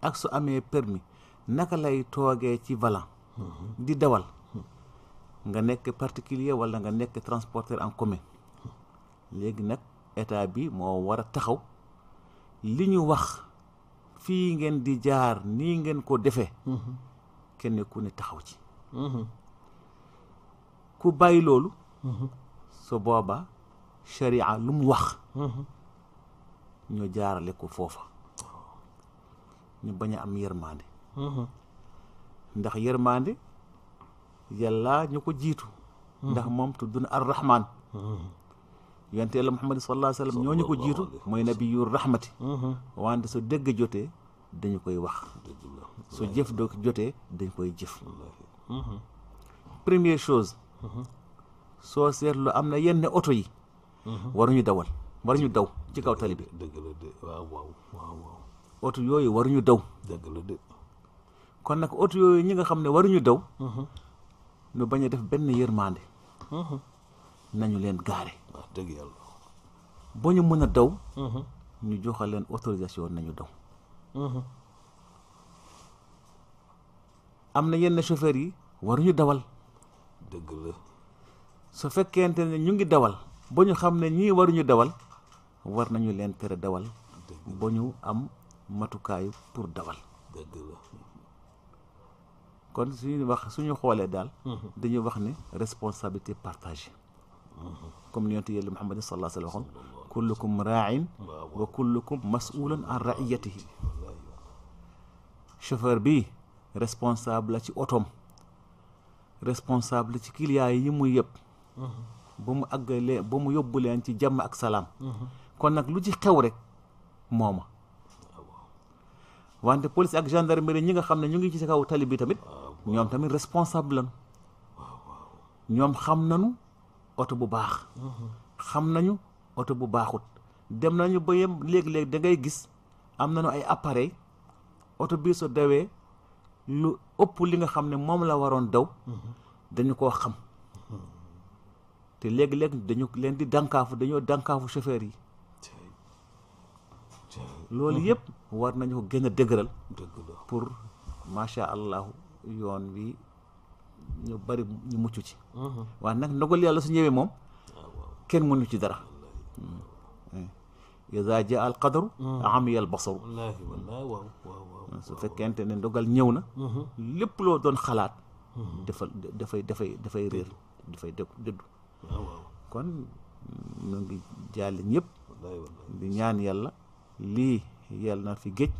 ak su amee permis naka lay toogee ci volant di dawal nga nekk particulier wala nga nekk transporteur en commun léegi nag état bi moo war a taxaw li ñu wax fii ngeen di jaar nii ngeen ko defee mhm. kenn ku ne taxaw ci mhm. ku bàyyi loolu mhm. su booba sharia lu mu wax ñu jaarale ko foofa ñu bañ a am yërmande ndax yërmande yàlla ñu ko jiitu ndax moom tudd na ar rahman yonte yàlla muhammad sallallahu ñoo ñu ko jiitu mooy nabiyu rahmati wante su dëgg jotee dañu koy wax soo jëf doo jotee dañ koy jëf première chose soo seetlu am na yenn oto yi waruñu dawal waruñu daw ci kaw tali bi dëgg la oto yooyu waruñu daw kon nag oto yooyu ñi xam ne waruñu daw nu bañ a def benn yërmande. Uh-huh. nañu leen gaare. dëgg yàlla. ba ñu mën a daw. Uh-huh. ñu joxal leen autorisation nañu daw. Uh-huh. am na yenn chauffeur yi waruñu dawal. dëgg la. su fekkente ne ñu ngi dawal. ba ñu xam ne ñii waruñu dawal. war nañu leen tere dawal. ba ñu am matukaayu pour dawal. kon suñu wax suñu xoolee daal. Mhm. dañuy wax ne responsabilité partagée. comme ni yonent yàlla Muhammad sallallahu alayhi wa sallam kullukum raa'in wa kullukum mas'ulun an ra'iyatihi chauffeur bi responsable ci otoom responsable ci client yi muy yëpp. Mhm. ba mu àggalee ba mu yóbbu leen ci jamm ak salaam. Mhm. kon nag lu ci xew rek mooma. wante police ak gendarmerie ñi nga xam ne ñu ngi ci sa kaw tali bi tamit ah, ñoom tamit responsable lañu ñoom xam nanu oto bu baax mhm. xam nañu oto bu baaxut dem nañu ba yem léeg-léeg dangay gis am nañu ay appareil oto bii su dawee lu ëpp li nga xam ne moom la waroon daw mhm. dañu koo xam mhm. te léeg léeg dañu leen di dànkaafu dañoo dànkaafu chauffeur yi loolu mhm. yëpp war nañu ko gën a dëgëral pour macha allah yoon wi ñu bari ñu mucc ci mhm. waaye nag ndogal yàlla su ñëwee moom ah, kenn mënu ci dara ida mm. eh. jaa al qadaru mhm. amiya al basaru mm, su fekkente ne ndogal ñëw na lépp loo doon xalaat dafa dafay dafay dafay réer dafay ah, kon ñu mm, ngi jàll ñëpp di ñaan yàlla lii yàlla na fi géej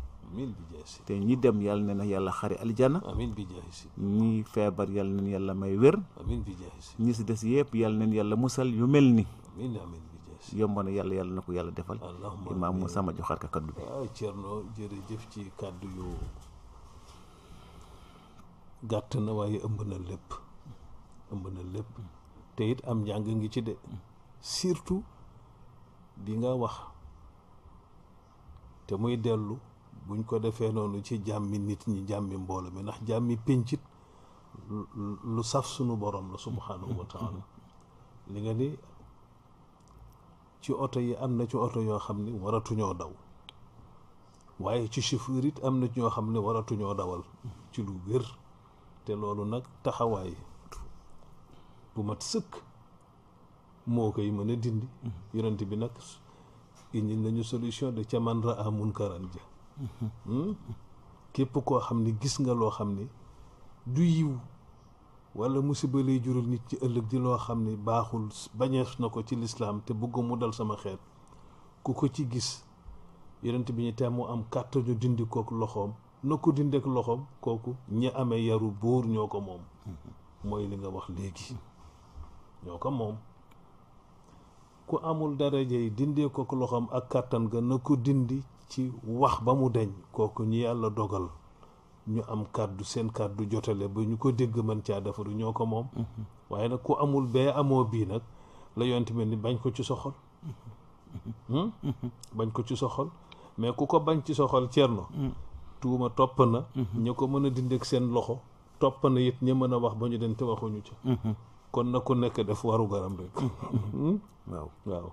te ñi dem yàlla na na yàlla xari aljana ñi feebar yal na yàlla may wér ñi si des yëpp yàlla na yàlla musal yu mel ni yomb na yàlla yàlla na ko yàlla defal imaam mu sama joxaat ka kaddu bi waaw Thierno jërëjëf ci kaddu yu gàtt na waaye ëmb na lépp ëmb na lépp te am njàng ngi ci de surtout di nga wax te muy dellu buñ ko defee noonu ci jàmmi nit ñi jàmmi mboolo mi ndax jàmmi péncit lu saf sunu borom la subhanahu wa taala li nga ni ci oto yi am na ci oto yoo xam ni waratuñoo daw waaye ci chauffeur am na ci ñoo xam ne waratuñoo dawal ci lu wér te loolu nag taxawaay bu mat sëkk moo koy mën a dindi mm-hmm. yonent bi nag indi nañu solution de ca man ra a munkaran ja hmm? képp koo xam ni gis nga loo xam ni du yiw wala musiba lay jural nit ci ëllëg di loo xam ni baaxul bañees na ko ci lislaam te bëgg mu dal sama xeet ku ko ci gis yonent bi ñu teem mu am kàttanu dindi kook loxoom na ko dindi ak loxoom kooku ñi amee yaru buur ñoo ko moom hmm. mooy li nga wax léegi ñoo ko moom ku amul daraja yi dindee ko ko loxoom ak kàttan ga na ko dindi ci wax ba mu deñ kooku ñu yàlla dogal ñu am kàddu seen kàddu jotale ba ñu ko dégg mën caa defaru ñoo ko moom waaye nag ku amul bee amoo bii nag la yonent mel ni bañ ko ci soxol hmm? bañ ko ci soxol mais ku ko bañ ci soxol cerno hmm. tuuma topp na hmm. ña ko mën a dindi ak seen loxo topp na it ña mën a wax ba ñu dem waxuñu ca kon na ku nekk def waru garam rek hmm? waaw waaw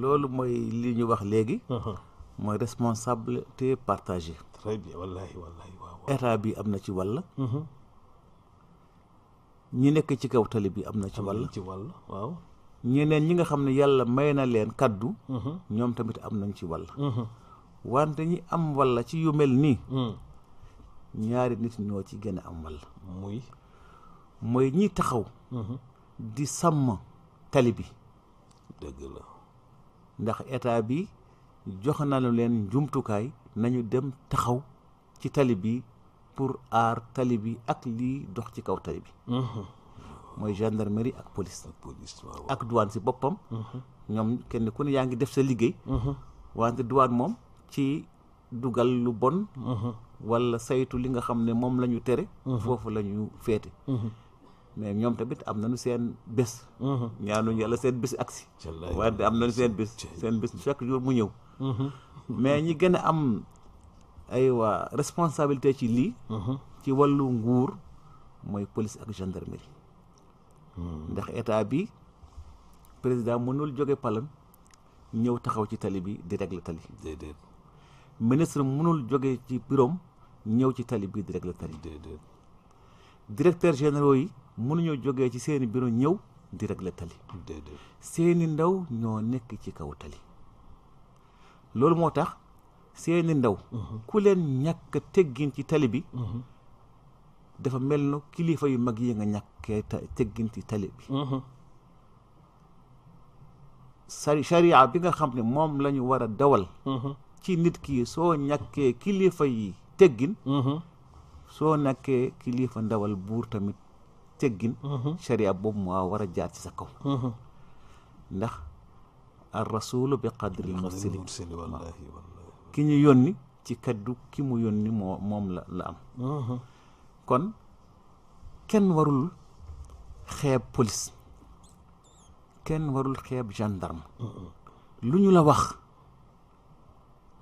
loolu mooy li ñu wax léegi uh-huh. mooy responsabilité partagée très bien wallahi wallahi waaw bi am na ci wàll uh-huh. ñi nekk ci kaw tali bi am na ci wàll ci wàll waaw ñeneen ñi nga xam ne yàlla may na leen kàddu uh-huh. ñoom tamit am nañ ci wàll wante ñi am walla ci yu mel nii hmm. ñaari nit ñoo ci gën a am wàll mooy ñiy taxaw mhm. di sàmm tali bi dëgg ndax état bi jox nañu leen jumtukaay nañu dem taxaw ci tali bi pour aar tali bi ak lii dox ci kaw tali bi mhm. mooy gendarmerie ak police ak douane si boppam mhm. ñoom kenn ku ne yaa ngi def sa liggéey wante douane moom ci dugal lu bon wala saytu li nga xam ne moom lañu ñu tere foofu la ñu féete mais ñoom tamit am na ñu seen bés. Mhm. ñaanuñu yàlla seen bés agsi. waaye am nañu seen bés seen bés chaque jour mu ñëw. Mhm. mais ñi gën a am ay waa responsabilité ci lii. Mhm. ci wàllu nguur mooy police ak gendarmerie. ndax état bi président mënul jóge palam ñëw taxaw ci tali bi di régler tali. ministre mënul jóge ci bureau ñëw ci tali bi di régler tali. déedéet directeur généraux yi. mënuñoo jógee ci seeni bureau ñëw di régler tali seeni ndaw ñoo nekk ci kaw tali loolu moo tax seeni ndaw mhm. ku leen ñàkk teggin ci tali bi mhm. dafa mel na kilifa yu mag yi nga ñàkkee mhm. bi nga xam ne moom lañu ñu war a dawal ci nit ki soo ñàkkee kilifa yi teggin soo ñàkkee kilifa ndawal buur tamit teggin mhm. sharia boobu moo war a jaar ci sa kaw mhm. ndax ar rasulu bi qadril mursili ki ñu yónni ci kaddu ki mu yónni moo moom la la am mhm. kon kenn warul xeeb police kenn warul xeeb gendarme lu ñu la wax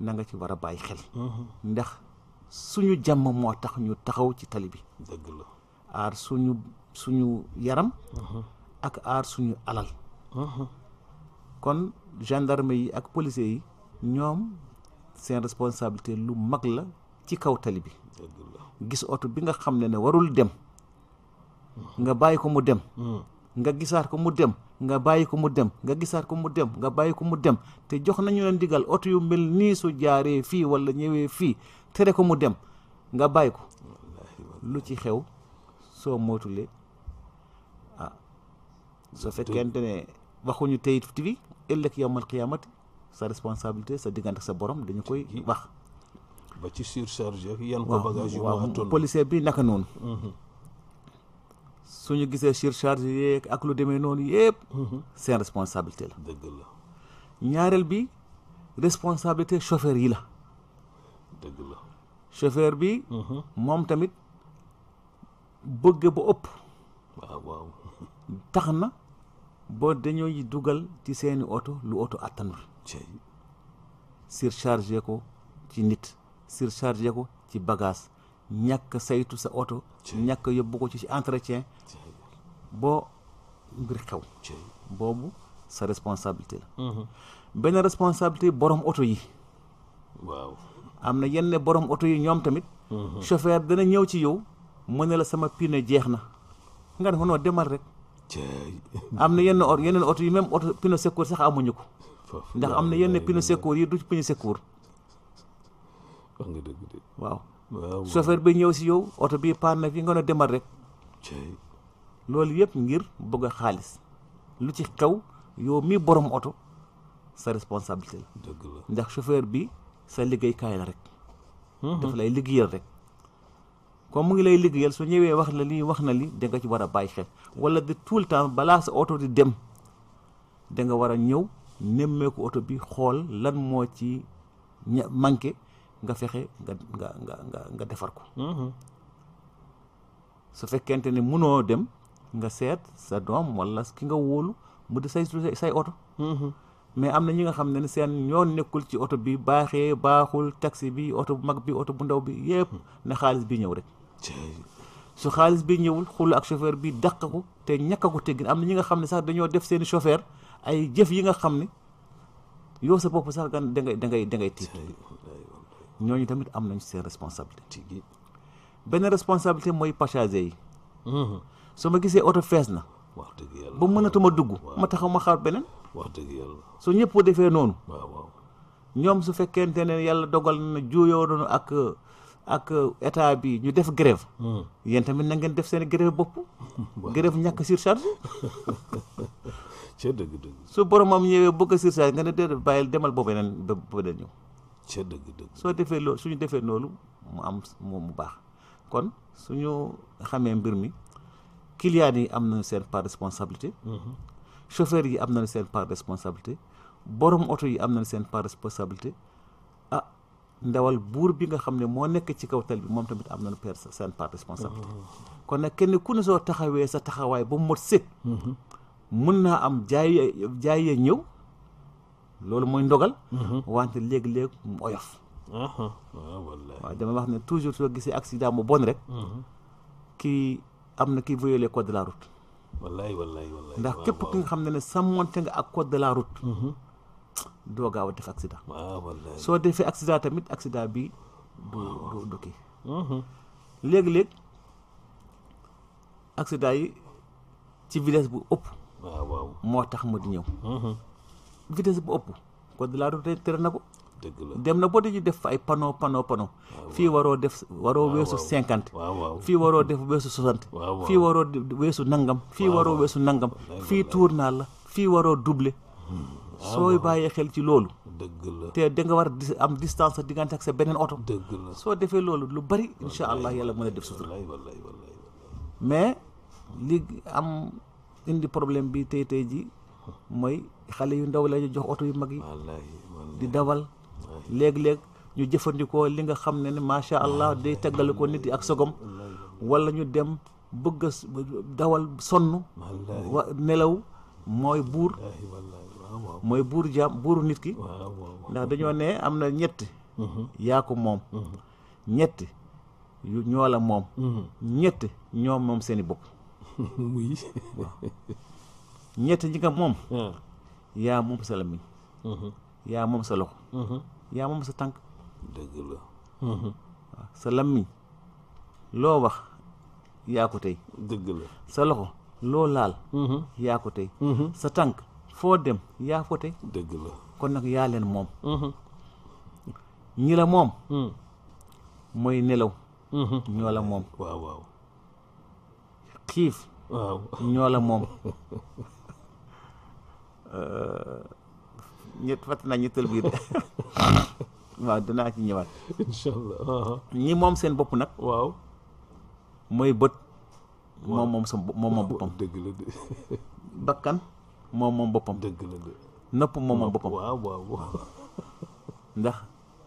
na nga ci war a bàyyi xel ndax suñu jàmm moo tax ñu taxaw ci tali bi dëgg la aar suñu yaram ak aar suñu alal kon gendarme yi ak policier yi ñoom seen responsabilité lu mag la ci kaw tali bi gis oto bi nga xam ne ne warul dem nga bàyyi ko mu dem hmm. nga gisaat ko mu dem nga bàyyi ko mu dem nga gisaat ko mu dem nga bàyyi ko mu dem te jox nañu leen digal oto yu mel nii su jaaree fii walla ñëwee fii tere ko mu dem nga bàyyi ko lu ci xew soo moytulee soo su fekkente ne waxuñu tey bi ëllëg yawmal qiyaamati sa responsabilité sa diggante sa borom dañu koy wax. ci surcharge yan ko bagage yu waaw policier bi naka noonu. Mhm. suñu gisee surcharge yeeg ak lu demee noonu yëpp. Mhm. seen responsabilité la. dëgg la ñaareel bi responsabilité chauffeur yi la. dëgg la bi. Mhm. moom tamit bëgg ba ëpp. tax na boo dañooy dugal ci seeni oto lu oto attanul surchargé ko ci nit surchargé ko ci bagage ñàkk saytu sa oto ñàkk yóbbu ko ci entretien boo mbir xew boobu sa responsabilité la mhm. benn responsabilité borom oto yi am na yenn borom oto yi ñoom tamit mhm. chauffeur dana ñëw ci yow mu ne la sama pine jeex na nga ne ko demal rek am na yenn oto yeneen oto yi même oto pneu secours sax amuñu ko. ndax am na yenn pneu secours yi du pneu secours. wax nga dëgg de. waaw chauffeur bi ñëw si yow oto bii paan na fi nga ne demal rek. loolu yëpp ngir bëgg a xaalis lu ci xew yow mi borom oto sa responsabilité la. ndax chauffeur bi sa liggéeykaay la rek. Mhm. daf lay liggéeyal rek. comme mu ngi lay liggéeyal su ñëwee wax la lii wax na li danga nga ci war a bàyyi xel wala de tout le temps balaa sa oto di dem danga war a ñëw nemmeeku oto bi xool lan moo ci ña nga fexe nga nga nga nga nga defar ko. Mm-hmm. su fekkente ne munoo dem nga seet sa doom wala ki nga wóolu mu di say say oto. Mm-hmm. mais am na ñi nga xam ne seen yoon nekkul ci oto bi baaxee baaxul taxi bi oto bu mag bi oto bu ndaw bi yépp mm-hmm. ne xaalis bi ñëw rek. su xaalis bi ñëwul xul ak chauffeur bi dàq ko te ñàkk ko teggin am na ñi nga xam ne sax dañoo def seeni chauffeur ay jëf yi nga xam ne yow sa bopp sax dangay da ngay da ngay da ngay tiit ñooñu tamit am nañ seen responsabilité benn responsabilité mooy passager yi mhm. su ma gisee oto fees na wax dëgg yàlla ba mënatuma dugg ma taxaw ma xaar beneen wax dëgg yàlla defee noonu ñoom su fekkente ne yàlla dogal na juuyoo noonu ak ak état bi ñu def grève hmm. yéen tamit na ngeen def seen grève bopp grève ñàkk surcharge ca dëgg dëgg su borom ñëwee bëgg a surcharge nga ne déedéet bàyyil demal boobu yeneen ba beneen ñëw dëgg soo defee loolu suñu defee noolu mu am mu baax kon suñu xamee mbir mi clients yi am nañu seen part responsabilité hmm. chauffeur yi am nañu seen part responsabilité borom oto yi am nañu seen part responsabilité ndawal buur bi nga xam ne moo nekk ci kaw tali bi moom tamit am na per seen part responsabilité oh. kon na kenn ku ne soo taxawee sa taxawaay ba mu mot sëg mun mm-hmm. naa am jaay jaayee ñëw loolu mooy ndogal mm-hmm. wante léegi-léeg mu oyof uh-huh. ah, waaw dama wax ne toujours soo gisee accident mu bon rek mm-hmm. kii am na kii violé code de la route wallaay ndax képp ki nga xam ne ne sàmmonte nga ak code de la route doo gaaw a def accident. Ah, soo defee accident tamit accident bi du du du mhm. léegi-léeg accident yi ci vitesse bu ëpp. Ah, moo tax mu di ñëw. Mhm. vitesse bu ëpp code de la tere na ko. dem na boo dañuy def fa ay panneau panneau panneau ah, fii waroo def waroo weesu cinquante fii waroo def weesu soixante fii waroo weesu nangam fii waroo weesu nangam fii tournal la fii waroo double hmm. Ah, sooy bàyyee xel ci loolu. dëgg la te da nga war am distance sa ak sa beneen oto. dëgg la soo defee loolu lu bari incha allah yàlla mën a def sutura. mais li am indi problème bi tey tey ji mooy xale yu ndaw la ñu jox oto yu mag yi. di dawal léeg-léeg ñu jëfandikoo li nga xam ne ne macha allah day taggal ko nit yi ak sogom walla ñu dem bëgg a dawal sonn. nelaw mooy buur. mooy buuru jaam buuru nit ki ndax dañoo ne am na ñetti mhm. yaa ko moom mhm. ñetti ñoo moom mhm. ñetti ñoo moom seeni bopp muy ñetti ñi nga moom ah. yaa moom sa lamiñ yaa moom sa loxo yaa moom sa tànk dëgg sa lamiñ loo wax yaa ko tey dëgg la sa loxo loo laal yaa tey sa tànk foo dem yaa fa tey dëgg la kon nag yaa leen moom mm-hmm. ñi la moom mm. mooy nelaw mm-hmm. ñoo la moom waaw xiif ñoo la moom uh, ñett fàtt ñettal biir waaw dinaa ci ñëwaat uh-huh. ñi moom seen bopp nag waaw mooy bët moom moom sa moom moom boppam bakkan moom moom boppam. dëgg la dëgg nopp moom moom boppam. waaw waaw ndax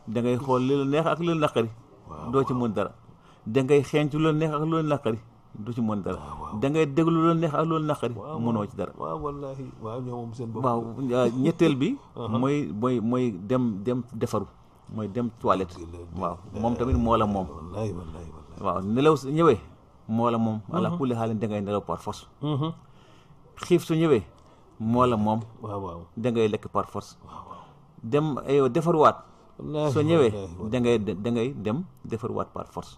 da ngay xool li la neex ak li la naqari. doo ci mën dara. da ngay xeeñtu la neex ak lu du ci mën dara da ngay déglu loolu neex ak loolu naqari mënoo ci dara waaw wallaahi waaw ñoom moom seen bopp waaw ah, ñetteel bi uh-huh. mooy mooy mooy dem dem defaru mooy dem toilette waaw moom tamit moo la moom waaw nelaw ñëwee moo la moom ala uh-huh. kulli xaalin da nelaw par uh-huh. xiif su ñëwee moo la moom. waaw waaw lekk par force. dem yow defarwaat. soo ñëwee dangay ngay da ngay dem defarwaat par force.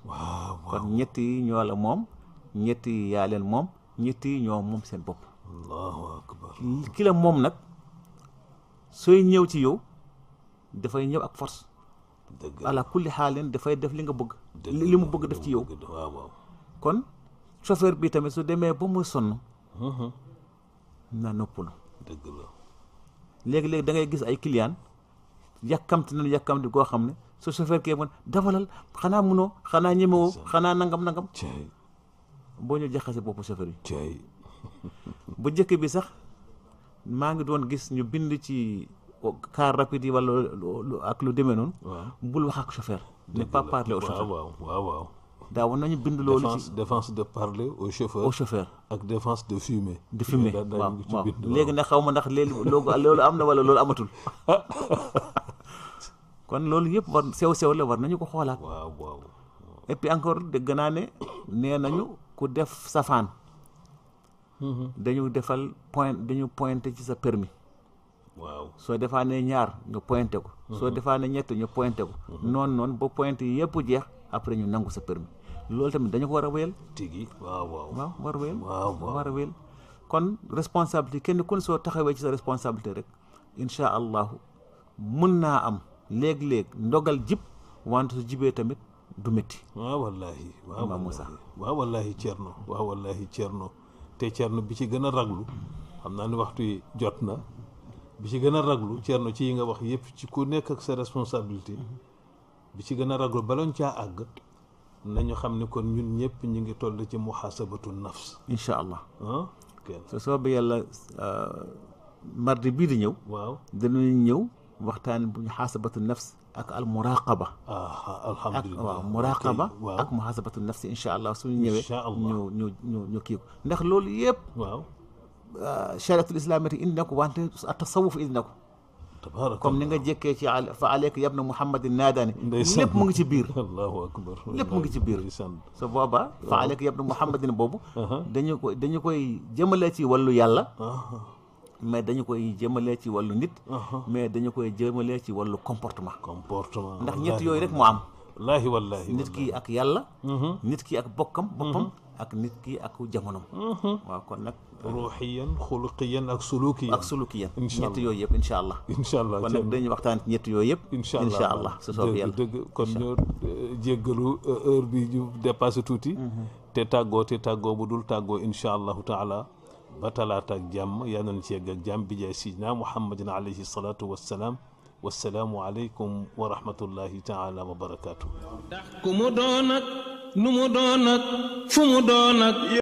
kon ñett yi ñoo la moom ñetti yi yaa leen moom ñett yi ñoo moom seen bopp. allahu moom nag sooy ñëw ci yow dafay ñëw ak force. dëgg la ala kulli xaalin dafay def li nga bëgg. li mu bëgg def ci yow. kon chauffeur bi tamit su demee ba mu sonn. na noppalu. dëgg la léegi léegi da ngay gis ay clients yàkkamti nañu yàkkamti koo xam ne sa chauffeur kee man dafalal xanaa munoo xanaa ñemewoo xanaa nangam nangam. boo ñu jaxase boppu chauffeur yi. bu njëkk bi sax maa ngi doon gis ñu bind ci car rapide yi wala ak lu demee noonu. bul wax ak chauffeur. ne pas parler au chauffeur daawoon nañu bind loolu ci défense de parler au chauffeur. au chauffeur ak défense de fumer. de fumer waaw waaw léegi nag xaw ma ndax léegi loolu am na wala loolu amatul. kon loolu yëpp war sew sew la war nañu ko xoolaat. waaw waaw encore dégg naa ne nee nañu ku def safaan. Mhm. dañu defal point dañu pointé ci sa permis. waaw soo defaa defaanee ñaar ñu pointé ko. Mhm. soo defaanee ñett ñu pointé ko. Mhm. noon noonu ba pointé yëpp jeex après ñu nangu sa permis loolu tamit dañu ko war a wéyal. tigi waaw waaw waaw war a wéyal. kon responsabilité kenn ku ne soo taxawee ci sa responsabilité rek incha allahu mun naa am léeg-léeg ndogal jib want su jibee tamit du métti. waaw wallaahi. waaw Moussa waaw wallaahi Thierno waaw wallaahi Thierno te Thierno bi ci gën a raglu xam naa ni waxtu yi jot na. bi ci gën a raglu Thierno ci yi nga wax yëpp ci ku nekk ak sa responsabilité bi ci gën a raglu baloon caa àgg nañu xam ne kon ñun ñëpp ñu ngi toll ci muhaasabatu nafs incha allah ah, so soobee yàlla euh, mardi bii di ñëw waaw dinañu ñëw waxtaan bu ñu xaasabatu nafs ak al muraqaba alhamdulilah waaw muraqaba ak muhaasabatu nafs incha allah suñu ñëwee ñu ñu ñu ñu kii ko ndax loolu yëpp waaw chariatul islamati indi na ko wante ak tasawuf indi na ko comme ni nga jëkkee ci fa aleyka yabna muhammadin naadaani lépp mu ngi ci biir allahu akbar lépp mu ngi ci biir su booba fa aleyka yabna muhammadin boobu uh-huh. dañu ko dañu koy jëmalee ci wàllu yàlla uh-huh. mais dañu koy jëmalee ci wàllu nit uh-huh. mais dañu koy jëmalee ci wàllu comportement comportement ndax ñett yooyu rek mu am wallaahi wallaahi nit ki ak yàlla nit ki ak bokkam boppam ak nit ki ak jamono. Mm-hmm. waaw kon nag. Euh, ruuxiyan xuluqiyan ak sulukiyan. ak sulukiyan ñett yooyu yëpp incha allah. incha allah kon nag dañuy waxtaan ci ñett yooyu yëpp. incha allah incha allah su soobee yàlla dëgg dëgg kon ñoo euh, jéggalu euh, heure bi ñu dépassé tuuti. Mm-hmm. te tàggoo te tàggoo bu dul tàggoo incha allahu taala ba talaata ak jàmm yal nañu ci yegg ak jàmm bi jaay sidna muhammadin alayhi salaatu wassalaam wassalaamu aleykum wa rahmatullahi taala wa barakaatu. ndax ku mu doon nag. nu mu doon ak fu mu doon ak